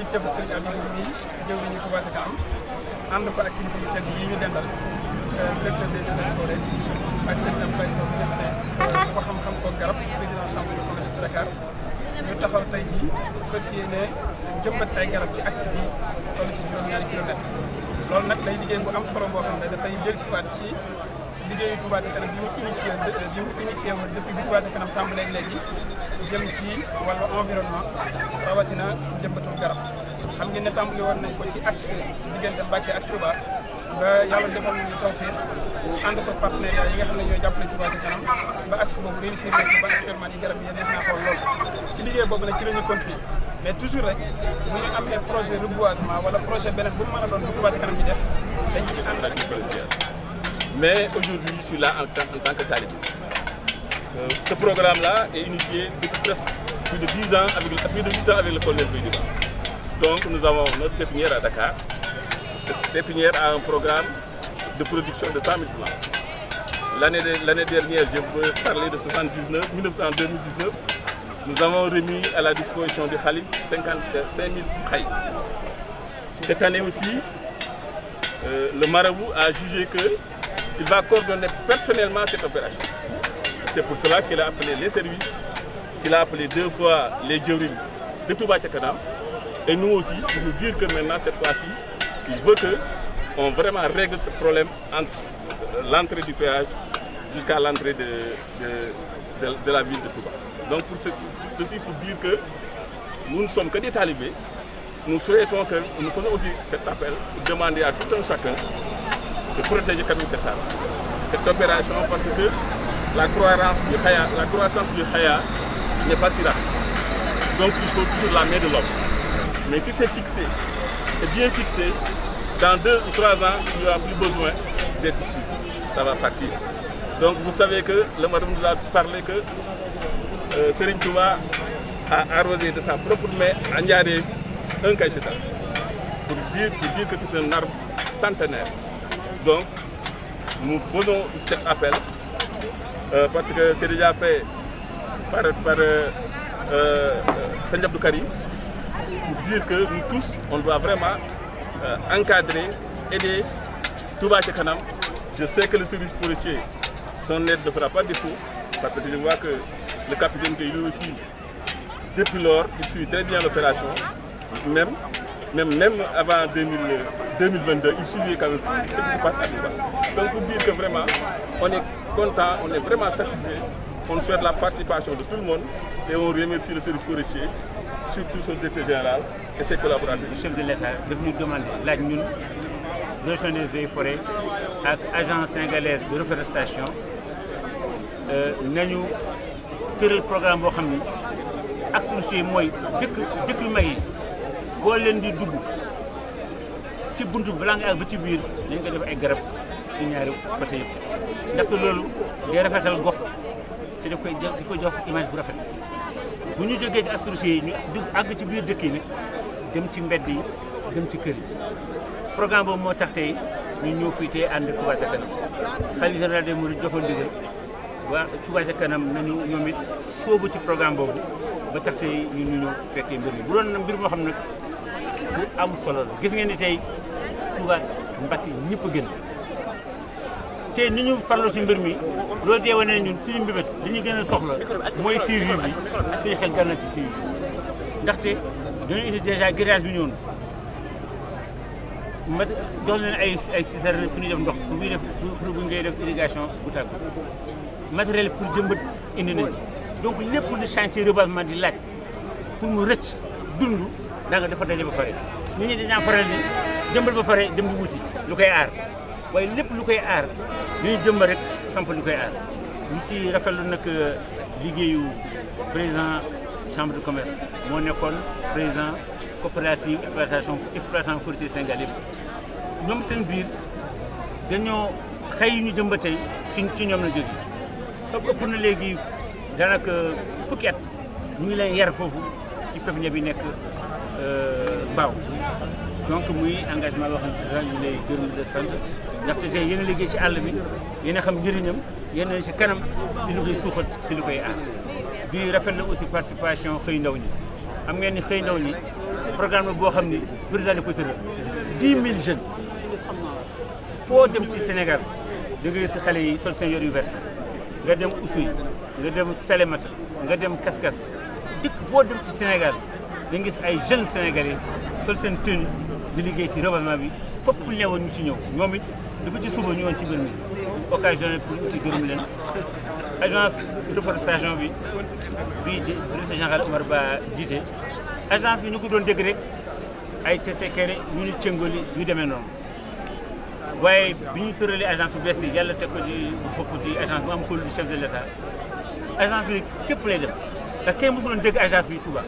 ci teefal sëriñ Aliou mii ko Touba ca kanam ànd ko ak kilifa yu tedd yi ñu dendal euh, directeur des domaines ak sëriñ am Baye Sow bi def ne ko xam-xam ko garab président chambre de commerce de Dakar ñu taxaw tey jii fas yéene jëmbat ay garab ci axe bi toll ci juróom-ñaari kilomètre loolu nag day liggéey bu am solo boo xam ne dafay dellusiwaat ci liggéeyu Touba ca kanam bi mu initié bi mu initié woon depuis bi Touba kanam tàmbaleeg léegi jëm ci wàllu environnement rawatina jëmbatul garab xam ngeen ne tàmbali woon nañ ko ci axe diggante Mbacke ak Touba ba yàlla defal nañu tawfeex ànd ko partenaires yi nga xam ne ñoo jàppale Touba ca kanam ba axe boobu réussir nañ ko ba actuellement ni garab yi def naa xool lool ci liggéey boobu nag ci la ñu continuer mais toujours rek bu ñu amee projet reboisement wala projet beneen bu mu mën a doon bu Mais aujourd'hui, je suis là en tant, en que talibé. Euh, ce programme-là est initié depuis presque plus de 10 ans, avec, plus de 8 ans avec le collège Bédiba. Donc notre pépinière à Dakar. Cette pépinière a un programme de production de 100 000 L'année de, dernière, je vous parler de nous avons remis à la disposition du Khalif 55 euh, Cette année aussi, euh, le marabout a jugé que il va coordonner personnellement cette opération. C'est pour cela qu'il a appelé les services, qu'il a appelé deux fois les djurines de Touba Tchakanam, et nous aussi, pour nous dire que maintenant, cette fois il veut que on vraiment règle problème entre l'entrée du péage jusqu'à l'entrée de, de, de, de, la ville de Touba. Donc, pour ce, ceci pour dire que nous ne sommes que des talibés, nous souhaitons que nous faisons aussi cet appel pour demander à tout un chacun de protéger Camille Settal. Cette opération parce que la croissance du Khaya, la croissance Donc il faut toujours la main de l'homme. Mais si c'est fixé, et bien fixé, dans deux ou trois ans, il n'y plus besoin d'être sûr. Ça va partir. Donc vous savez que le madame nous a que euh, Serine Touba a arrosé de sa propre à Ndiare un cachetard. Pour dire, pour dire que c'est un arbre centenaire. Donc, mu prenons cet appel euh, parce que c'est déjà fait par, par euh, euh Doukari pour dire que nous tous, on doit vraiment euh, encadrer, aider Touba Chekanam. Je sais que le service policier, son aide ne fera pas défaut parce que je vois que le capitaine qui est lui il suit très bien l'opération. Même même, même avant 2000, 2022, il suivait quand même ce qui se passe à Dubaï. Donc pour dire que vraiment, on est content, on est vraiment satisfait, on souhaite la participation de tout le monde et on remercie le service forestier, surtout son directeur général et ses collaborateurs. Le chef de l'État est venu demander la ñun région des eaux et forêts ak agence sénégalaise de reforestation euh, nañu tëral programme boo xam ni ak suñu mooy dëkk dëkk yu mag yi boo leen di dugg ci buntu balaa nga àgg ba ci biir nañ ko def ay garab ci ñaari côté yëpp ndaxte loolu day rafetal gox te daf koy di ko jox image bu rafet bu ñu jógee ci astrocier yi ñu dugg àgg ci biir dëkk yi dem ci mbedd yi dem ci kër yi programme boobu moo tax tey ñu ñëw fii tey ànd Touba ca kanam xalifa général des mourides joxoon ndigal waa Touba ca kanam nañu ñoom it sóobu ci programme boobu ba tax tey ñu ñu ñëw fekkee mbir mi bu doon mbir moo xam nag lu am solo la gis ngeen ni tey Touba Mbacké ñëpp a gën tey ñu farlu si mbir mi loo dee wane ñun suñu mbébét li ñu gën a soxla mooy suivi bi suñu xel gën na ci suivi ndaxte dañu indi dèjà grillage bi ma jox leen ay ay citerne fi ñuy def ndox bu ñuy def pour bu ngay def irrigation bu tàgg matériel pour jëmbat indi nañu donc lépp lu di laaj pour mu rëcc dund da dafa daje ba pare nit ñi dañaa faral ni jëmbal ba pare jëmb di wuti lu koy aar waaye lépp lu koy aar ñu jëmba rek samp lu koy aar ñu ci rafetlu nag euh, liggéeyu président chambre de commerce moo nekkoon président coopérative exploitation exploitant foncier sénégalais ñoom seen biir dañoo xëy ñu jëmba tey ci ci ñoom la jóge ëpp ëpp na léegi daanaka fukki at ñu ngi leen yar foofu ci pépinière bi nekk euh, mbaaw donc muy engagement boo xam ne daal ñu lay gërëm tey yéen a liggéey ci àll bi yéen xam njëriñam yéen a ci kanam ci lu koy suuxat ci lu koy aar di rafetlu aussi participation xëy ndaw ñi am ngeen ni xëy ndaw ñi programme boo xam ni président de ko tëral 10 000 foo dem ci Sénégal da ngay si xale yi sol seen yu vert nga dem Oussouye nga dem Salémata nga dem Kaskas dikk foo dem ci Sénégal da nga gis ay jeune sénégalais sol seen di liggéey ci reboisement bi fépp fu woon ñu ci ñëw ñoom it dafa ci suba ñu ci mbir mi occasion pour ñu si gërëm leen agence reforestation bi bii directeur général Ba jiite agence bi ñu ko doon dégg rek ay cesekere ñu ni cëngali yu demee noonu waaye bi ñu tëralee agence bu bees yi yàlla teg ko ci bopp di agence bu am fépp lay dem ndax kenn mësuloon dégg agence bi Touba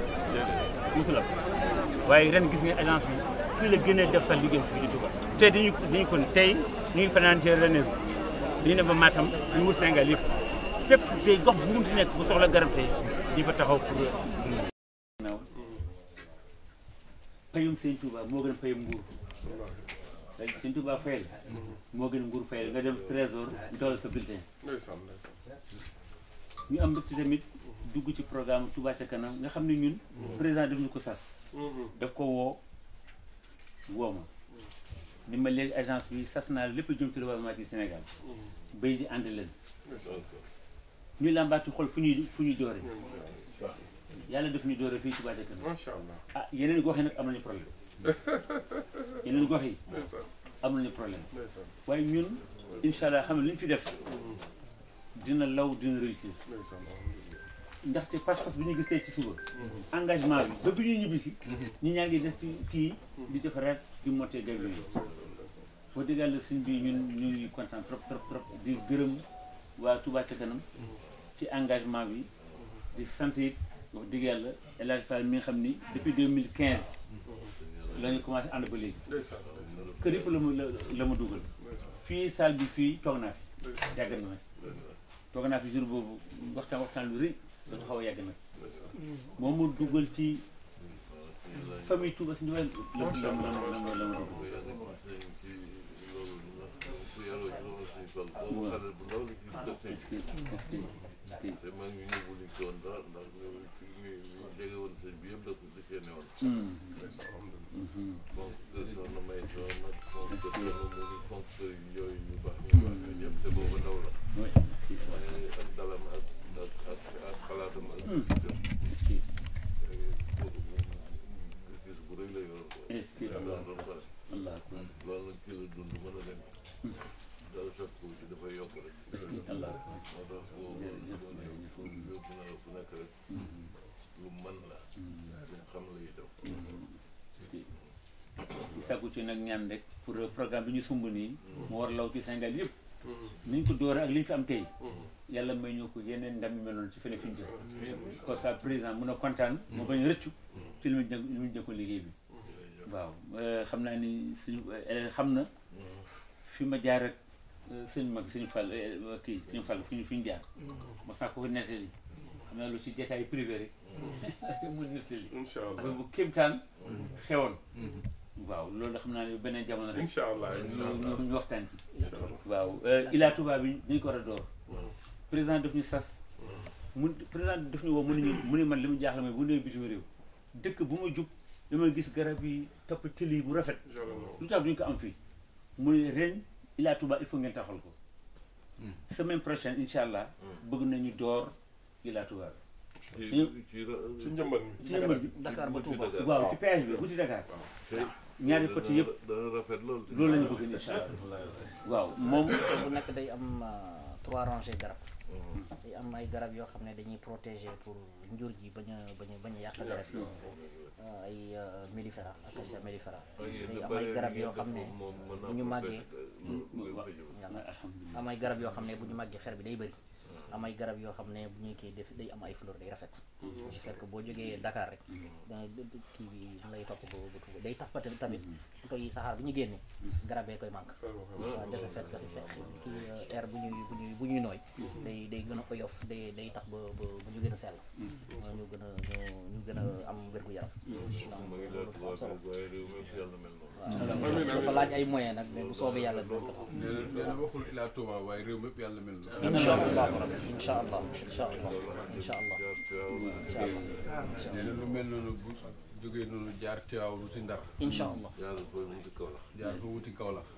mësulam waaye ren gis nga agence bi fii la gën a def sax liggéey fii kon tey ñu ngi fanaan ci Ranérou dañu dem ba Matam ñu wër Sénégal yëpp lépp tey gox bu nekk soxla garab tey di fa taxaw pour naaw payum sëñ Touba moo gën payum nguur sëñ Touba fayal moo gën nguur la nga dem trésor ñu toll sa bulletin ñu am mbégte tamit dugg ci programme tubaa ca kanam nga xam ne ñun président def ñu ko sas mm-hmm. daf ko woo woo ma ni ma léegi agence bi sas naa lépp jëm ci ma di Sénégal bay di ànd leen ñu làmbaat ci xol fu ñuy fu ñuy doore yàlla def ñu doore fii si Touba ca kanam macha allah ah yeneen gox yi nag am nañu problème yeneen gox yi am nañu problème waaye ñun incha allah xam ne li ñu fi def dina law dina réussir ndaxte pas-pas bi ñu gis tey ci suba. Mhm. engagement bi ba bu ñuy ñibbisi. Mhm. ñi ñaa ngi des ci kii mhm. di defaraat di moté gay yooyu. boo dégg la sëñ bi ñu ngi kontaan trop trop trop di gërëm waa Touba ca kanam. ci engagement bi. di sant it wax dëgg yàlla El Hadj Fall mi nga xam ni depuis 2015 la ñu commencé ànd ba léegi. kër yëpp la mu la ma dugal. fii salle bi fii toog naa fi. yàgg na ma toog naa fi jour boobu waxtaan waxtaan lu rëy. dafa xaw a yàgg nag moom mu dugal ci famille Touba si ndiwén la la la la la est-ce que est-ce que te maa ngi ñëwul ñu doon dara ndax ñu jege woon sëñ bi yëpp da ko defee ne woon fonk doon na may doon nag fonk doon na mu fonk yooyu ñu baax ñu baax ñëpp te boobu ndaw la waaye ak dalam ak ak ak ak xalaatam ak gis-gisam. gis-gis bu rëy la yoroon. ci na la fu nag ñaan rek pour programme bi ñu sumb nii. mu war law ci Sénégal yëpp. ni ñu ko dóoree ak li ñu am tey. yàlla may ñu ko yeneen ndam yu mel noonu ci feneen fi ñu jëm comme ça président mun a kontaan mu bañ rëccu ci lu mu jëkk liggéey bi waaw euh, xam naa ni suñu euh, xam na fi ma jaar ak euh, sëñ mag sëñ Fall kii sëñ Fall fi ñu fi ñu jaar ma saa ko nettali xam naa lu ci jataay privé rek mu nettali affaire bu kéemtaan xewoon mm-hmm. waaw loolu xam naa ne beneen jamono rek incha allah ñu waxtaan ci waaw Ila Touba bi dañ ko war président daf ñu sas mu président def ñu woo mu ne ñu mu ne man li mu jaaxle mooy bu nee bitim réew dëkk bu ma jub dama gis garab yi topp tëli yi bu rafet lu tax duñu ko am fii mu ne ren Ila Touba il faut ngeen taxal ko hmm. semaine prochaine incha allah hmm. bëgg nañu door Ila Touba bi ci njëmbat ci njëmbat bi Dakar ba Touba waaw ci péage bi wuti Dakar ñaari côté yëpp loolu lañu bëgg incha allah waaw moom bu nekk day am euh, trois rangées garab day am ay garab yoo xam ne dañuy protéger pour njur ji bañ a bañ bañ yàq deret euh, ay euh, mellifera acacia mellifera day euh, am ay garab yoo xam ne bu ñu màggee am ay garab yoo xam ne bu ñu màggee xer bi day bëri mm-hmm. am ay garab yoo xam ne bu ñu kii def day am ay fleur day rafet j'espère mm-hmm. boo jógee Dakar rek mm-hmm. danga kii bi lay topp ko day tax peut-être tamit oto saxaar bi ñu génne garab bee koy manque air bu ñuy bu ñuy bu ñuy nooy mhm. day day gën a oyof day day tax ba ba ñu gën a sell mhm. ñu a ñu gën a am wér-gu-yaram mhm. dafa laaj ay moyens nag mais soobee yàlla dinañ ko tax na waxul waaye réew mépp yàlla mel na incha allah incha allah incha allah incha allah jógee noonu jaar Tiwaawan wuti Ndar. incha allah jaar ko wuti Kaolack. jaar ko wuti Kaolack.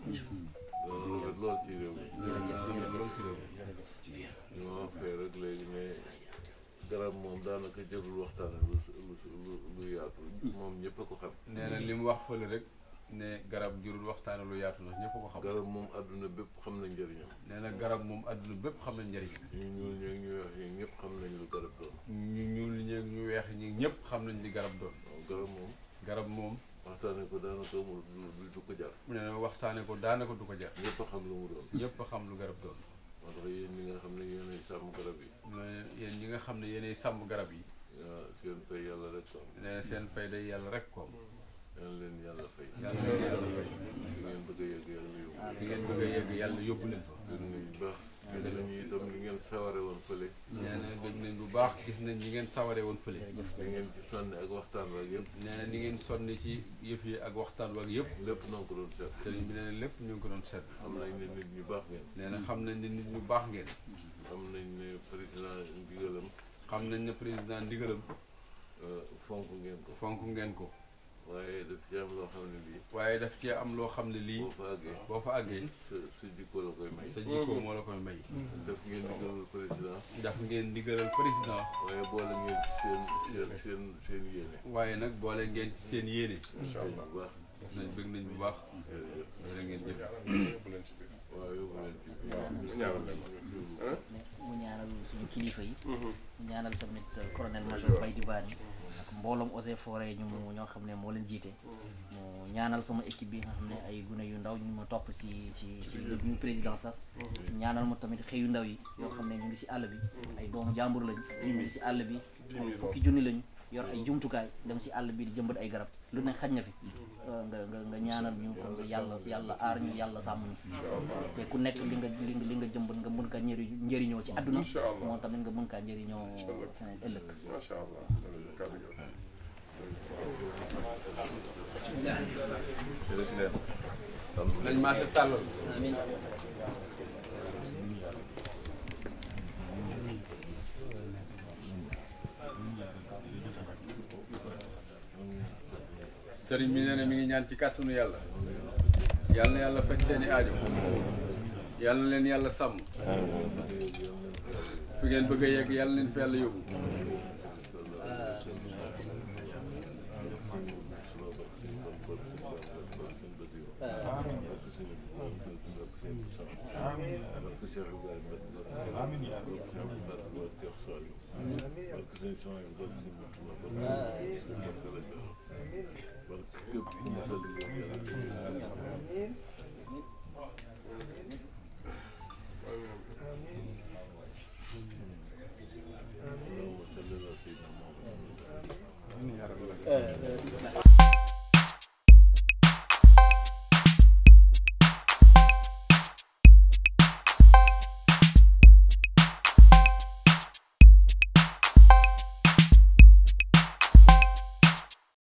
loolu la lool ci réew mi. lool ci li ma fee rek léegi mais garab moom daanaka jëlul waxtaan lu lu lu yaatu. Hmm. moom ñëpp a ko xam. Hmm. nee na li mu wax fële rek. ne garab jurul waxtaane lu yaatu la ñëpp ko xam. garab moom adduna bépp xam na njëriñam. nee na garab moom adduna bépp xam na njëriñam. ñu ñuul ñeeg ñu weex ñeeg ñëpp xam nañ lu garab doon. ñu ñuul ñeeg ñu weex ñeeg ñëpp xam nañ li garab doon. garab moom. garab moom. waxtaane ko daanaka amul du ko jar. nee na waxtaane ko daanaka du ko jar. ñëpp xam lu mu doon. ñëpp xam lu garab doon. moo tax yéen ñi nga xam ne yéenay sàmm garab yi. yéen ñi nga xam ne yéenay sàmm garab yi. seen fay yàlla rek ko am. nee na seen fay day yàlla rek ko am yàlla leen yàlla fay. yàlla leen yàlla fay. fi ngeen bëgg a yegg yàlla yóbbu. fi ngeen bëgg a yegg yàlla yóbbu leen fa. gis nañ bu baax. gis nañu itam li ngeen saware woon fële. nee na gis nañ bu baax gis nañ li ngeen saware woon fële. li ngeen ci sonn ak waxtaan waag yëpp. nee na li ngeen sonn ci yëf yi ak waxtaan waag yëpp. lépp ñoo ngi ko doon seet. sëriñ bi nee na lépp ñoo ngi ko doon seet. xam nañ ne nit ñu baax ngeen. nee na xam nañ ne nit ñu baax ngeen. xam nañ ne président ndigalam. xam nañ ne président ndigalam. Euh, fonk ngeen ko fonk ngeen ko waaye daf ci loo xam ne lii. waaye daf ci am loo xam ne lii. boo fa àggee boo fa àggee. Mm-hmm. sa sa jikko la koy may. sa jikko moo la koy may. Mm-hmm. daf ngeen ndigalal président. daf ngeen ndigalal président. waaye boole ngeen ci seen seen yéene. waaye nag boole ngeen ci seen yéene. incha allah bu nañ bëgg bu baax. ngeen jëf. waaw yóbbu leen ci biir. ñaanal leen mu ñaanal suñu kilifa yi. Mm-hmm. ñaanal tamit euh, colonel major Baye Dibane yi. ak mbooloom Eaux et Forêts ñoo xam ne moo leen jiite mm-hmm. mu ñaanal sama équipe bi nga xam ne ay gune yu ndaw ñu ma topp ci ci ci ñu président sas mm-hmm. ñaanal ma tamit xëyu ndaw yi si àll bi mm-hmm. ay lañ si àll bi fukki junni yor jumtukaay dem si àll bi di jëmbat garab lu ne xaj na fi euh, nga nga nga ñaanal ñu yàlla yàlla aar ñu yàlla sàmm ñu te ku nekk li nga li nga jëmbat nga mën njëriñoo ci àdduna moo tamit nga mën kaa njëriñoo feneen ëllëg nañ maa se tàllal sëriñ mi nee na mi ngi ñaan ci kàttanu yàlla yàlla na yàlla faj seeni aajo yàlla leen yàlla sàmm fi ngeen bëgg a yegg yàlla na leen fi yàlla yóbbu Cheikh Ibrahima barke Cheikh Ibrahima barke